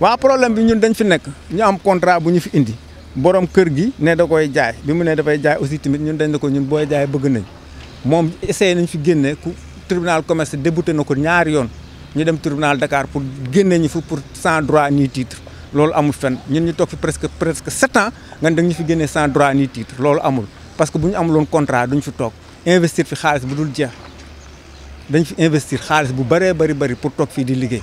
waa problème bi ñun dañ fi nekk ñu am contrat bu ñu fi indi borom kër gi ne da koy jaay bi mu ne dafay jaay aussi tamit ñun dañ ne ko ñun boo jaay bëgg nañ moom essayé nañ fi génne ku tribunal commerce débuté na ko ñaari yoon ñu dem tribunal Dakar pour génnee ñu fi pour sans droit ni titre loolu amul fenn ñun ñu toog fi presque presque sept ans nga da ñu fi génne sans ni titre loolu amul parce que bu ñu amuloon contrat duñ fi toog investir fi xaalis bu dul jeex dañ fi investir xaalis bu baree bari bëri pour toog fii di liggéey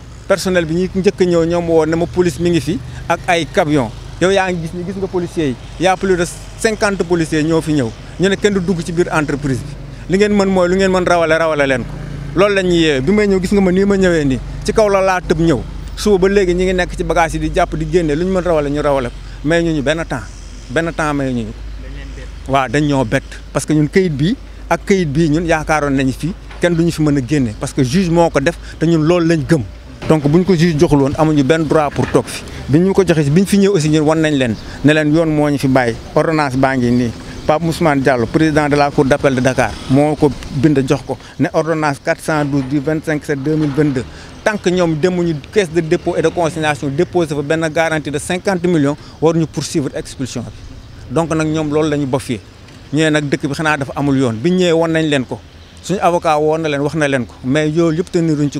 personnel bi ñu njëkk a ñëw ñoom woo ne ma police mu ngi fi ak ay camion yow yaa ngi gis ni gis nga policiers yi y'a plus de cinquante policiers ñoo fi ñëw ñu ne kenn du dugg ci biir entreprise bi li ngeen mën mooy lu ngeen mën rawale rawale leen ko loolu la ñuy bi may ñëw gis nga ma nii ma ñëwee nii ci kaw la laa tëb ñëw suba ba léegi ñu ngi nekk ci bagage yi di jàpp di génne lu ñu mën rawale ñu rawale ko may ñu ñu benn temps benn temps may ñu ñu waaw dañ ñoo bett parce que ñun kayit bi ak kayit bii ñun yaakaaroon nañu fii kenn duñu fi mën a génne parce que juge moo ko def te ñun loolu lañ gëm donc bu ñu ko juge joxul amuñu benn droit pour toog fi bi ñu ko joxee bi ñu fi ñëw aussi ñun wan nañ leen ne leen yoon moo ñu fi bàyyi ordonnance baa ngi nii Pape Ousmane Diallo président de la cour d'appel de Dakar moo ko bind jox ko ne ordonnance 412 du 25 sept 2022 tant que ñoom demuñu caisse de dépôt et de consignation déposé fa benn garantie de 50 millions poursuivre expulsion bi donc nag ñoom loolu la ñu bofee ñu ne nag dëkk bi xanaa dafa amul yoon bi ñëwee wan nañ leen ko suñu avocat woon na leen wax na leen ko mais yooyu yëpp teniruñ ci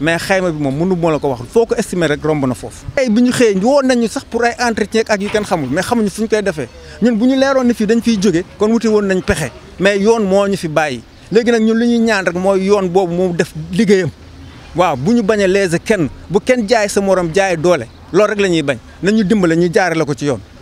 mais xayma bi moom mënu moo la ko wax foo ko estimer rek romb na foofu. tey bi ñu xëyee woon nañu sax pour ay entretien ak yu kenn xamul mais xamuñu fu ñu koy defee ñun bu ñu leeroon ni fii dañ fiy jóge kon wuti woon nañ pexe mais yoon moo ñu fi bàyyi léegi nag ñun li ñuy ñaan rek mooy yoon boobu moo def liggéeyam waaw bu ñu bañ a kenn bu kenn jaay sa morom jaay doole loolu rek la ñuy bañ nañu dimbale ñu jaare la ko ci yoon.